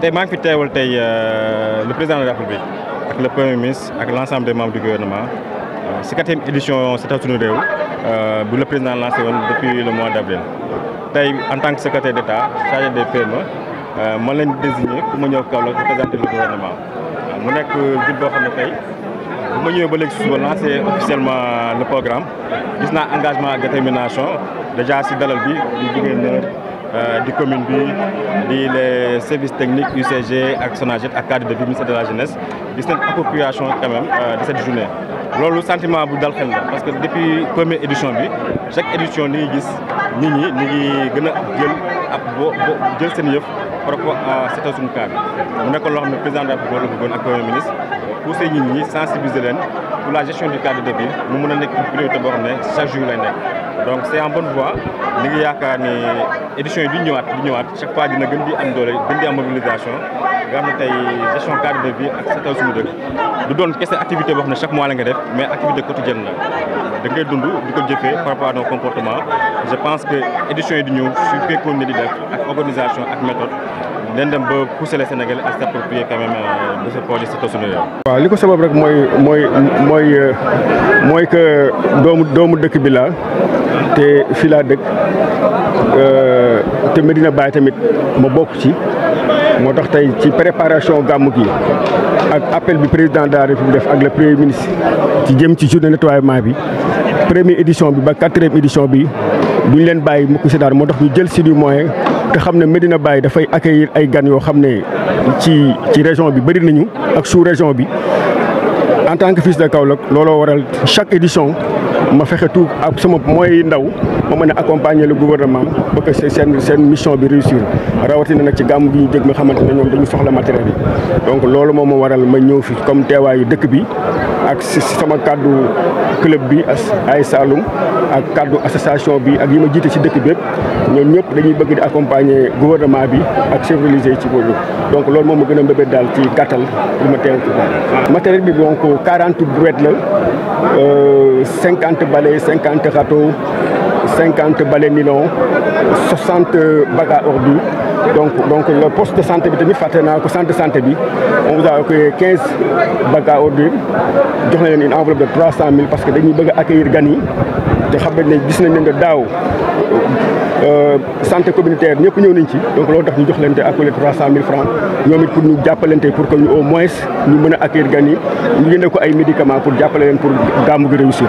Tay maa ngi fi teewal tey euh, le président de la République ak le premier ministre ak l'ensemble des membres du gouvernement euh, si quatrième édition Setal Sunu Réew euh, bu le président lancé woon depuis le mois d'avril. tey en tant que secrétaire d'état chargé des PME ma leen désigné pour ma ñëw Kaolack représenter le gouvernement mu nekk ville boo xam ne tey bu ma ñëwee ba léegi suba lancé officiellement le programme gis naa engagement ak détermination déjà si dalal bi ñu jugee euh, du commune bi les services techniques UCG CG cadre de ministère de la jeunesse de cette appropriation quand même euh, de cette journée. le sentiment parce que depuis première édition chaque édition par rapport à cette une mu est président de la République est premier sensibiliser pour la gestion du cadre de vie Nous édition nekk chaque jour donc c'est en bonne voie ñu ngi édition éditions du ñëwaat du ñëwaat chaque fois dina gën di am doole gën am mobilisation nga xam gestion cadre de vie ak setal suñu de du doon kese activité boo chaque mois la nga def mais activité quotidienne la da ngay dund di ko par rapport à nos comportements je pense que édition du ñëw su fekkoon ak organisation ak méthode leen dem pousser les Sénégalais à s'approprier quand même euh, de ce projet Sitteu Sunu Réew. waaw li ko sabab rek mooy mooy mooy euh, mooy que doomu doomu dëkk bi laa te fii la dëkk euh, te Medina Baye tamit ma bok ci motax tay ci préparation gamu gi ak appel bi président de la République def ak le premier ministre ci jëm ci journée nettoyage bi première édition bi ba quatrième édition bi duñ leen baye mukk si daal moo tax ñu jël ci du moyen te xamné ne Medina Baye fay accueillir ay gan yo xamné ci ci région bi bari nañu ak sous région bi en tant que fils de Kaolack lolo waral chaque édition. ma fexe tout ak suma mooy ndaw ma mën a accompagner le gouvernement pour que seen seen mission bi réussir rawatina nag ci gàmm bi ñu jëg nga xamante ne ñoom dañu soxla matériel yi donc loolu moo waral ma ñëw fi comme teewaayu dëkk bi ak si sama kàddu club bi ay Saloum ak kàddu association bi ak yi ma jiite si dëkk bépp ñoom ñëpp dañuy bëgg accompagner gouvernement bi ak chef religieux yi ci donc loolu moom ma gën a mbébét daal ci gàttal li ma teew matériel bi donc 40 brouettes la euh, 50 balais, 50 râteaux, 50 balais nylon, 60 bacs ordu, Donc, donc le poste de santé de santé on vous a accueilli 15 bacs ordu, ordures une enveloppe de 300 000 parce que nous avons accueillir Gani. nous avons Euh, santé communautaire ñëpp ñëw nañ ci donc loolu tax ñu jox leen te accolé trois cent mille francs ñoom it pour ñu jàppalante pour que ñu au moins ñu mën a accueillir gan yi ñu jëndee ko ay médicament pour jàppale leen pour gàmmu gi réussir.